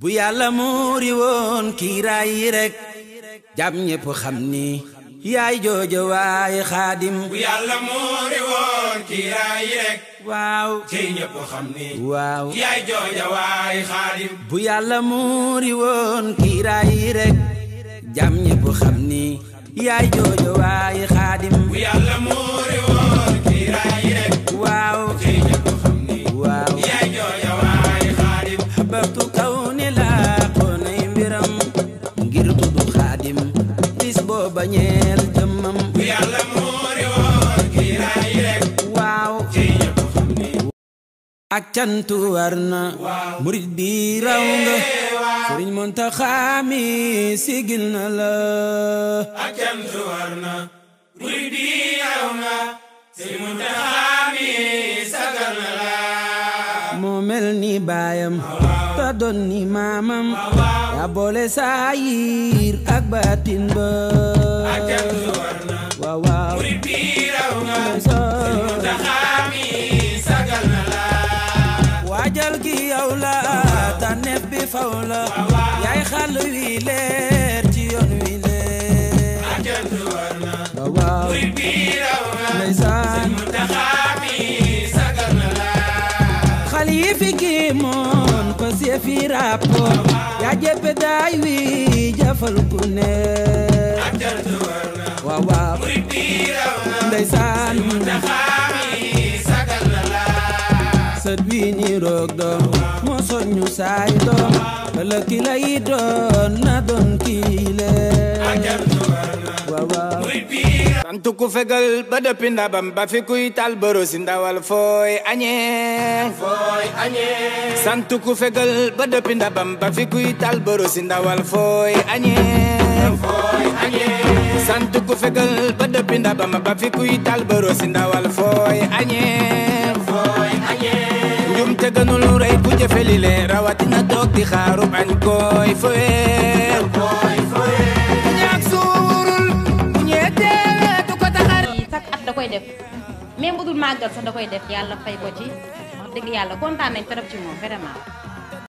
bu yàlla muuri woon kiiraay yi rek jàmm yàlla muuri woon kiiraay rek waaw ci xam ni waaw yaay joojo xaadim ba ñeel jëmmam bu yàlla moori waaw ci ñëpp xam ne ak cantu war na murit bi raw nga sëriñ Muntaxa mi sigil ak cantu war na murit bi raw nga sëriñ Muntaxa mi sagal na la ni baayam ma doon ni maamam yaa boole saayir ak baatin ba waaw waaw murid bi raw nga Sëriñ Muntaxa mi sagal na la waajal gi yow la tànneef bi faw la yaay xàll wi leer ci yoon wi leer waaw waaw murid bi raw nga Sëriñ Muntaxa mi sagal na la xalifi gi fi rapport yaa jëpp daay wi jafal ku ne ak jant war na waaw waaw muy biiraw na ndeysaan roog doom moo soññu saay doom ëllëg ki lay doon na doon kiile ak jant santu ku fegal ba dëppi ndabam ba fi kuy tal borosi ndawal fooy añee fooy añee ba dëppi ndabam ba fi kuy tal ba dëppi ndawal fooy añee njum te gënul ku jëfe li le rawatina toog di xaaru añ koy fooy def même bu dul màggal da koy def yàlla fay ko ci wax dëgg yàlla kontaan nañ trop ci moom vraiment